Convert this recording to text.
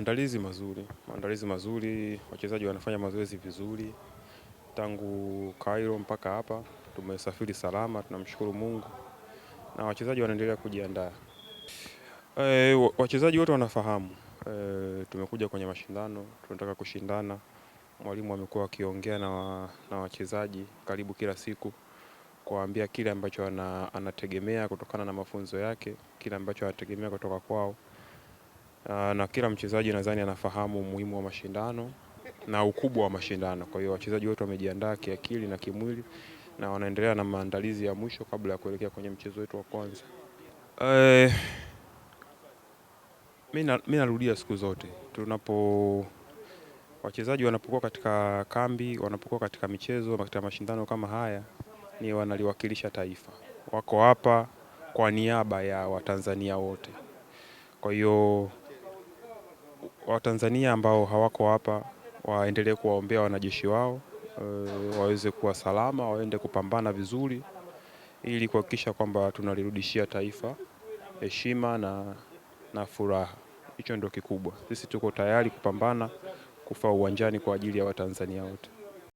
Maandalizi mazuri, maandalizi mazuri, wachezaji wanafanya mazoezi vizuri tangu Cairo mpaka hapa, tumesafiri salama, tunamshukuru Mungu na wachezaji wanaendelea kujiandaa. E, wachezaji wote wanafahamu e, tumekuja kwenye mashindano, tunataka kushindana. Mwalimu amekuwa akiongea na, na wachezaji karibu kila siku kuwaambia kile ambacho anategemea kutokana na mafunzo yake, kile ambacho anategemea kutoka kwao. Ah, na kila mchezaji nadhani anafahamu umuhimu wa mashindano na ukubwa wa mashindano. Kwa hiyo wachezaji wote wamejiandaa kiakili na kimwili na wanaendelea na maandalizi ya mwisho kabla ya kuelekea kwenye mchezo wetu wa kwanza. Eh, mimi narudia siku zote tunapo wachezaji wanapokuwa katika kambi, wanapokuwa katika michezo, katika mashindano kama haya, ni wanaliwakilisha taifa. Wako hapa kwa niaba ya Watanzania wote, kwa hiyo Watanzania ambao hawako hapa waendelee kuwaombea wanajeshi wao e, waweze kuwa salama, waende kupambana vizuri ili kuhakikisha kwamba tunalirudishia taifa heshima na, na furaha. Hicho ndio kikubwa. Sisi tuko tayari kupambana, kufaa uwanjani kwa ajili ya Watanzania wote.